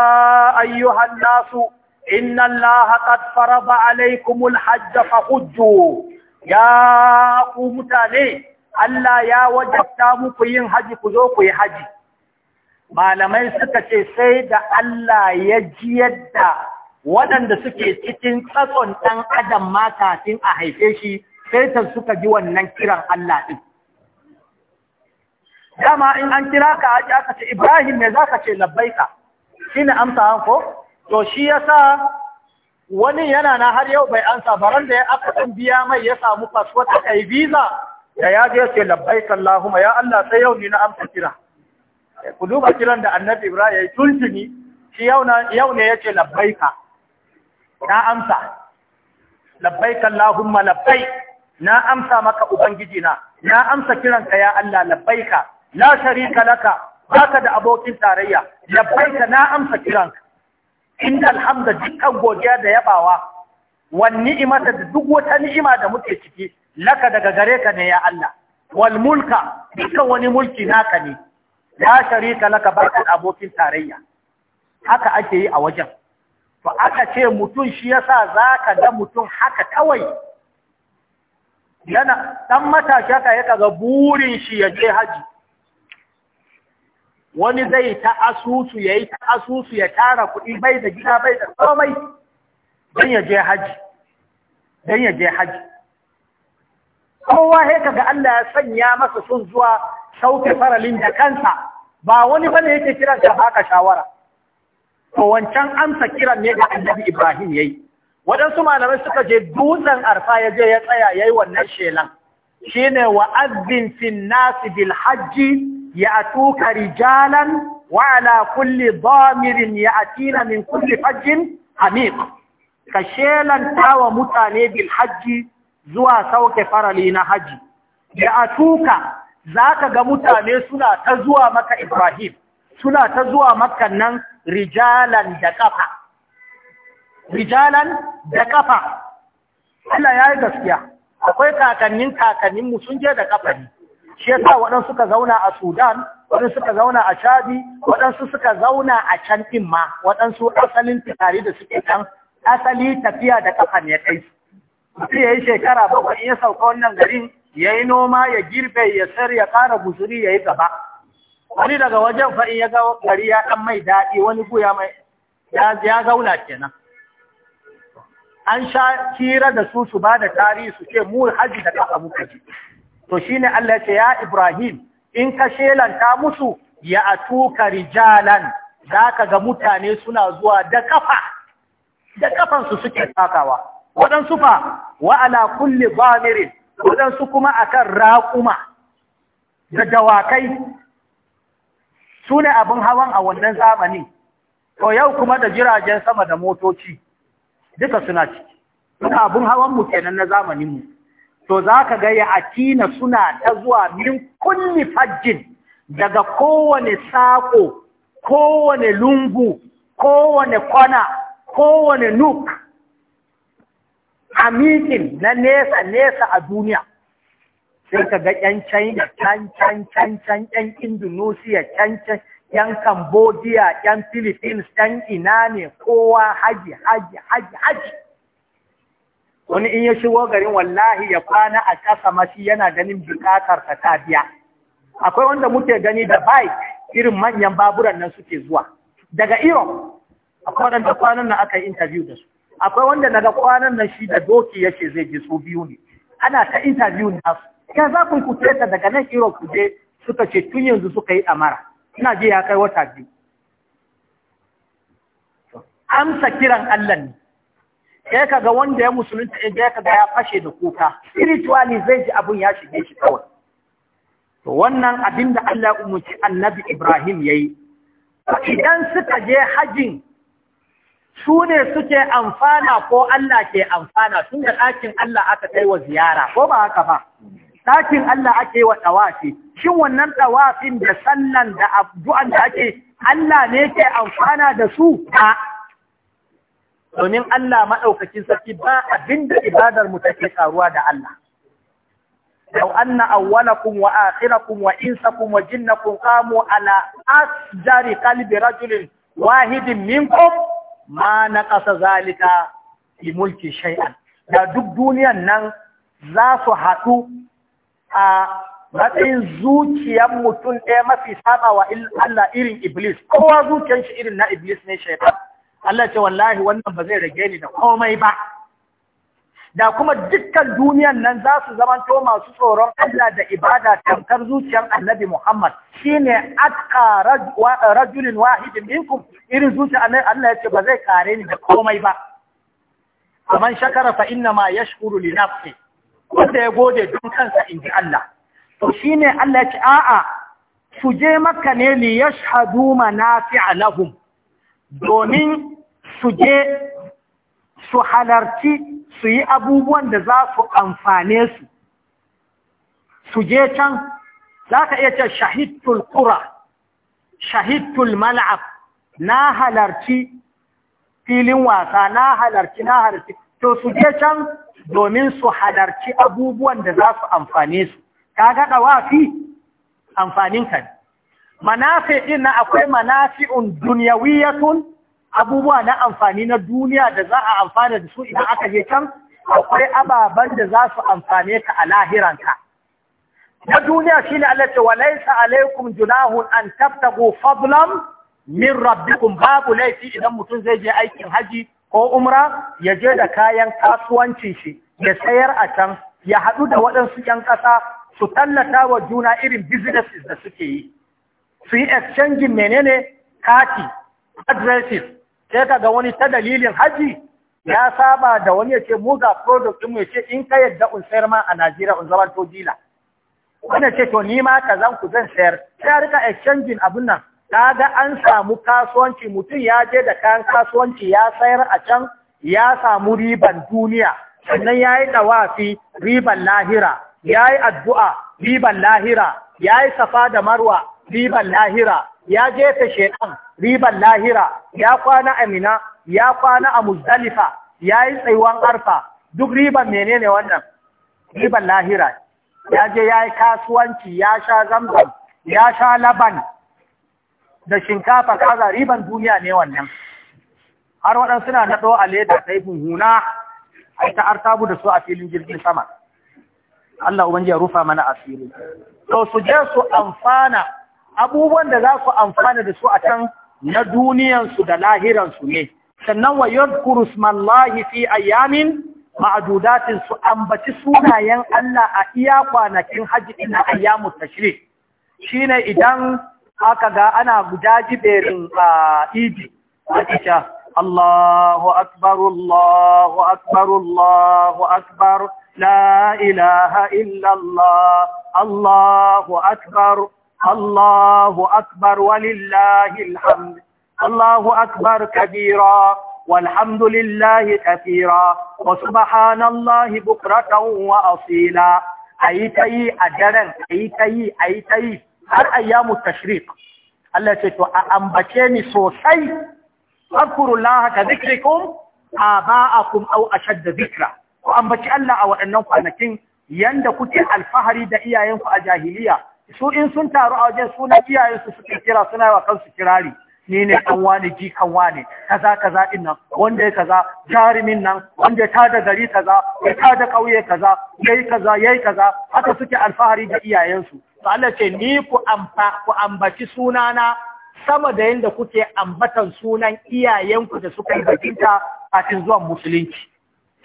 ayyuhan nasu إن الله قد فرض عليكم الحج ya يا mutane Allah ya wajabta muku yin haji ku zo ku yi haji malamai suka ce sai da Allah ya ji yadda waɗanda suke cikin tsatson ɗan adam ma kafin a haife shi sai ta suka ji wannan kiran Allah ɗin dama in an kira ka aji aka ce Ibrahim me zaka ce labbaika shine amsa ko to shi yasa wani yana na har yau bai ansa baran da ya aka ɗan biya mai ya samu passport a kai visa da ya je ce labbaik Allahumma ya Allah sai yau ni na amsa kira eh, ku duba kiran da Annabi Ibrahim ya yi tuntuni shi yau na yau ne yace labbaika na amsa labbaik Allahumma labbaik na amsa maka ubangiji na na amsa kiranka ya Allah labbaika la sharika laka baka da abokin tarayya labbaika na amsa kiranka inda alhamda dukkan godiya da yabawa wan ni'imata da duk wata ni'ima da muke ciki laka daga gare ka ne ya Allah wal mulka dukkan wani mulki naka ne la sharika laka baka abokin tarayya haka ake yi a wajen to aka ce mutum shi yasa zaka da mutum haka kawai yana dan matashi haka ya kaga burin shi ya je haji wani zai ta asusu ya yi ta asusu ya tara kuɗi bai da gida bai da komai don ya je haji don ya je haji kowa haka ga Allah ya sanya masa sun zuwa sauke faralin da kansa ba wani bane yake kiran ka haka shawara to wancan amsa kiran ne da Annabi Ibrahim yayi waɗansu malamai suka je dutsen arfa ya je ya tsaya yayi wannan shelan shine wa azzin fin nasi bil hajji ya'tuka rijalan wa'ala ala kulli damirin ya'tina min kulli fajjin amiq kashelan tawa mutane bil haji zuwa sauke farali na haji ya'tuka zaka ga mutane suna ta zuwa maka ibrahim suna ta zuwa makkan nan rijalan da kafa rijalan da kafa gaskiya akwai kakannin kakanninmu mu sun je da kafa shi yasa waɗansu suka zauna a Sudan waɗansu suka zauna a Chadi waɗansu suka zauna a can ɗin ma waɗansu asalin tare da suke can asali tafiya da kafa ne kai mutum ya yi shekara bakwai ya sauka wannan garin ya yi noma ya girbe ya sayar ya ƙara guzuri ya yi gaba wani daga wajen in ya ga gari ya ɗan mai daɗi wani guya mai ya zauna kenan an sha hira da su su ba da tarihi su ce mu hajji da kafa muka ji to shi ne Allah ce ya Ibrahim in ka shelanta musu ya tuka rijalan ka ga mutane suna zuwa da kafa da kafansu suke takawa waɗansu fa wa ala kulli bamirin waɗansu kuma akan raƙuma da dawakai su ne abin hawan a wannan zamani to yau kuma da jiragen sama da motoci duka suna ciki duka abin hawan mu kenan na zamaninmu to za ka ga ya'atina suna ta zuwa min kulli fajjin daga kowane saƙo kowane lungu kowane kwana kowane nuk hamitin na nesa nesa a duniya sai ka ga yan china can can can can yan indonesia can can yan cambodia yan philippines yan ina ne kowa haji haji haji haji wani in ya shigo garin wallahi ya kwana a ƙasa mashi yana ganin buƙatar ta ta biya akwai wanda muke gani da bike irin manyan baburan nan suke zuwa daga iron akwai wanda kwanan nan aka yi interview da su akwai wanda daga kwanan nan shi da doki yake zai je su biyu ne ana ta interview na su ya za ku kuce daga nan iron ku je suka ce tun yanzu suka yi amara ina je ya kai wata biyu amsa kiran Allah ne sai ga wanda ya musulunta in ya ga ya fashe da kuka spiritually zai ji abun ya shige shi kawai to wannan abin da Allah ya umarci Annabi Ibrahim yayi idan suka je hajin su ne suke amfana ko Allah ke amfana tun da ɗakin Allah aka kai wa ziyara ko ba haka ba Dakin Allah ake wa tawafi, shin wannan tawafin da sannan da addu'an da ake Allah ne ke amfana da su a domin Allah maɗaukacin sarki ba abin da ibadar mu take karuwa da Allah law anna awwalakum wa akhirakum wa insakum wa jinnakum qamu ala asjari qalbi rajulin wahidin minkum ma ƙasa zalika fi mulki shay'an da duk duniyan nan za su haɗu a matsayin zuciyar mutum ɗaya mafi saba wa Allah irin Iblis, kowa zuciyar shi irin na Iblis ne shaitan. Allah ce wallahi wannan ba zai rage ni da komai ba da kuma dukkan duniyan nan za su zamanto masu tsoron Allah da ibada tamkar zuciyar Annabi Muhammad shine atqa rajulin wahidin minkum irin zuciyar Allah ya ce ba zai kare ni da komai ba kaman shakara fa inna ma yashkuru li nafsi wanda ya gode don kansa in ji Allah to shine Allah ya ce a'a su je maka ne li yashhadu manafi'a lahum domin su je su halarci su yi abubuwan da za su amfane su su je can za ka iya ce shahidtul kura shahidtul mal'ab na halarci filin wasa na halarci na halarci to su je can domin su halarci abubuwan da za su amfane su ka ga ɗawafi amfaninka ne manafi na akwai manafi'un duniyawiyatun abubuwa na amfani na duniya da za a amfana da su idan aka je can akwai ababen da za su amfane ka a lahiranka na duniya shine Allah ce walaysa alaikum junahun an tabtagu fadlan min rabbikum babu laifi idan mutum zai je aikin haji ko umra ya je da kayan kasuwancin shi ya sayar a can ya haɗu da waɗansu ‘yan ƙasa su tallata wa juna irin businesses da suke yi su yi exchanging menene kati addresses sai ka ga wani ta dalilin haji ya saba da wani ya ce mu ga product ɗin mu ya ce in ka yadda un sayar ma a Najeriya un zama to dila Wani ce to ni ma ka zan ku zan sayar sai ya rika exchanging abin nan ga an samu kasuwanci mutum ya je da kayan kasuwanci ya sayar a can ya samu riban duniya sannan ya yi ɗawafi riban lahira ya yi addu'a riban lahira ya yi safa da marwa riban lahira ya ta shekan riban lahira ya kwana amina ya kwana a muzdalifa ya yi tsayuwan arfa duk riban menene wannan riban lahira ya je ya yi kasuwanci ya sha zamzam ya sha laban da shinkafa kaza riban duniya ne wannan har waɗansu na naɗo a leda sai hunhuna a ita artabu da su a filin jirgin sama Allah Ubangiji ya rufa mana asiri to su je su amfana abubuwan da za ku amfana da su a can na duniyansu da lahiransu ne sannan wa yadkuru smallahi fi ayyamin ma'adudatin su ambaci sunayen Allah a iya kwanakin hajji ina ayyamu Shi ne idan aka ga ana guda jiberin a iji, a Allahu akbar Allahu akbar Allahu akbar la ilaha Allah Allahu akbar الله أكبر ولله الحمد الله أكبر كبيرا والحمد لله كثيرا وسبحان الله بكرة وأصيلا أي تي أجرن أي تي أي تي har ayyamu tashriq Allah ce to a ambace ni sosai azkurullaha ka zikrikum aba'akum aw ashadda zikra ku ambaci Allah a waɗannan kwanakin yanda kuke alfahari da iyayenku a jahiliya su in sun taru a wajen suna iyayensu suka kira suna wa kansu kirari ni ne kan wani ji kan wani kaza kaza din nan wanda ya kaza jarumin nan wanda ya tada gari kaza ya tada kauye kaza yayi kaza yayi kaza haka suke alfahari da iyayensu to Allah ce ni ku amfa ku ambaci sunana sama da yanda kuke ambatan sunan iyayenku da suka yi bakinta cikin zuwan musulunci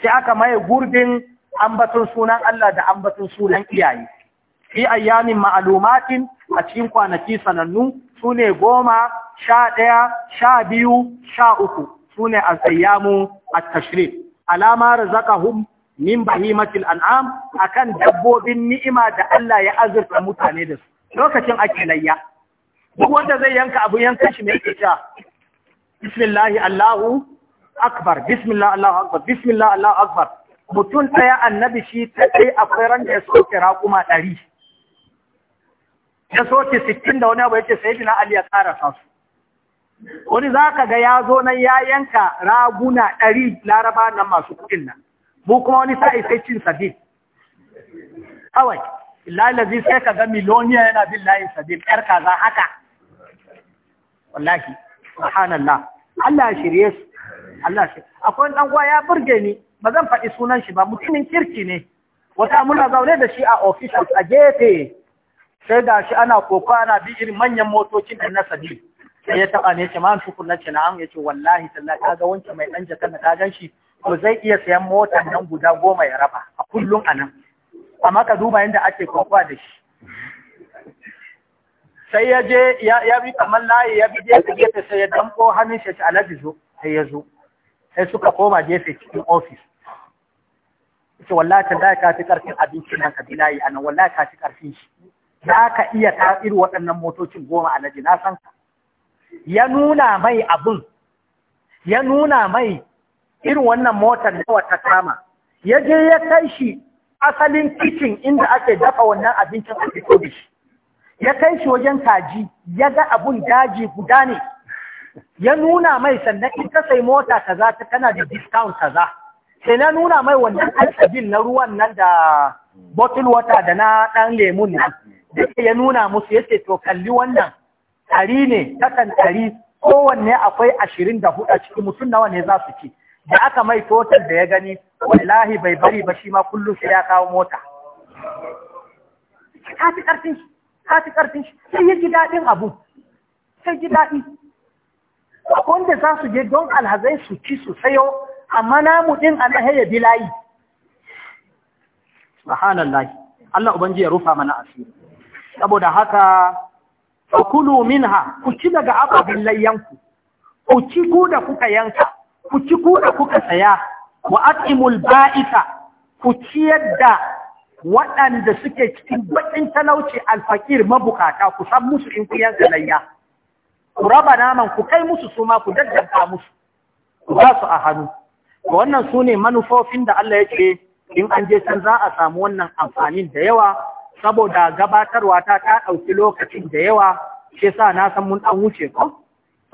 sai aka maye gurbin ambaton sunan Allah da ambaton sunan iyaye fi ayyamin ma'alumatin a cikin kwanaki sanannu sune ne goma sha ɗaya sha biyu sha uku su ne a tsayyamu a tashri alama razaqahum min bahimatil an'am akan dabbobin ni'ima da Allah ya azurta mutane da su lokacin ake layya duk wanda zai yanka abu yankan shi mai yake cewa bismillahi Allahu akbar bismillah Allahu akbar bismillah Allahu akbar mutum ɗaya annabi shi ta ɗaya akwai ran da ya soke raƙuma ɗari ya soke sittin da wani abu ya ce dina ali ya karasa su wani za ka ga ya zo nan ya yanka raguna ɗari laraba nan masu kuɗin nan mu kuma wani sa sai cin sabi kawai lalazi sai ka ga miloniya yana bin layin sabi ƴar kaza haka wallahi subhanallah Allah ya shirye su Allah shi akwai ɗan uwa ya burge ni ba zan faɗi sunan shi ba mutumin kirki ne wata muna zaune da shi a ofishin a gefe sai da shi ana koko ana bi irin manyan motocin da na sabi sai ya taba ne ce ma na cina an ya ce wallahi tallahi ga wanke mai dan jaka na ka gan shi to zai iya sayan mota nan guda goma ya raba a kullum a nan amma ka duba yadda ake koko da shi sai ya je ya bi kamar layi ya bi gefe gefe sai ya damko hannun shi ta alaji zo sai ya zo sai suka koma gefe cikin ofis ce wallahi ta da ka fi karfin abincin nan kabila yi anan wallahi ka fi karfin shi za ka iya ta waɗannan motocin goma naji na san ka ya nuna mai abin ya nuna mai irin wannan motar nawa ta kama ya je ya kai shi asalin kicin inda ake dafa wannan abincin a fito shi ya kai shi wajen kaji ya ga abun daji guda ne ya nuna mai sannan ita sai mota kaza ta tana da discount kaza sai na nuna mai wannan bin na ruwan nan da bottle water da na ɗan lemun nan duka ya nuna musu yace to kalli wannan tari ne takan tari kowanne akwai ashirin da hudu a cikin mutum nawa ne za su ci da aka mai total da ya gani wallahi bai bari ba shi ma kullum sai ya kawo mota ka fi karfin shi ka fi karfin shi sai ya ji daɗin abu sai ji daɗi wanda za su je don alhazai su ci su sayo amma namu ɗin an ya bilayi layi Allah ubangiji ya rufa mana asiri saboda haka fakulu minha ku ci daga ababin layyanku ku ci ku da kuka yanka ku ci ku da kuka saya wa atimul ba'ita ku ci yadda waɗanda suke cikin baƙin talauci alfakir mabukata ku san musu in ku yanka layya ku raba naman ku kai musu suma, ku daddanta musu ku ba su a hannu wannan sune manufofin da Allah ya ce in an je can za a samu wannan amfanin da yawa saboda gabatarwa ta ta ɗauki lokacin da yawa shi sa na san mun ɗan wuce ko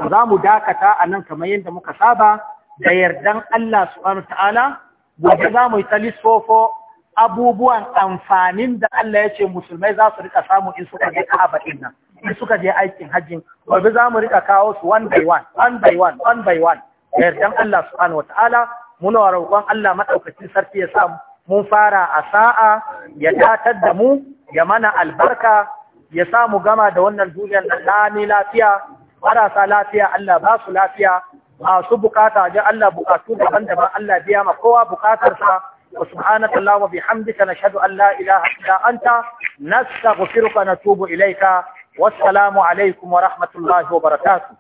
za mu dakata a nan kamar yadda muka saba da yardan Allah subhanahu ta'ala gobe za mu yi ta lissofo abubuwan amfanin da Allah ya ce musulmai za su rika samu in suka je Ka'aba din nan in suka je aikin hajjin gobe za mu rika kawo su one by one one by one one by one da yardan Allah subhanahu ta'ala muna roƙon Allah madaukakin sarki ya mun fara a sa'a ya datar da mu ya mana albarka ya samu gama da wannan duniyar na lami lafiya marasa lafiya Allah ba su lafiya masu bukata ji Allah bukatu daban-daban Allah biya ma kowa bukatarsa wa subhanaka Allah wa bihamdika nashhadu an la ilaha illa anta nastaghfiruka natubu ilayka wassalamu alaikum wa rahmatullahi wa barakatuh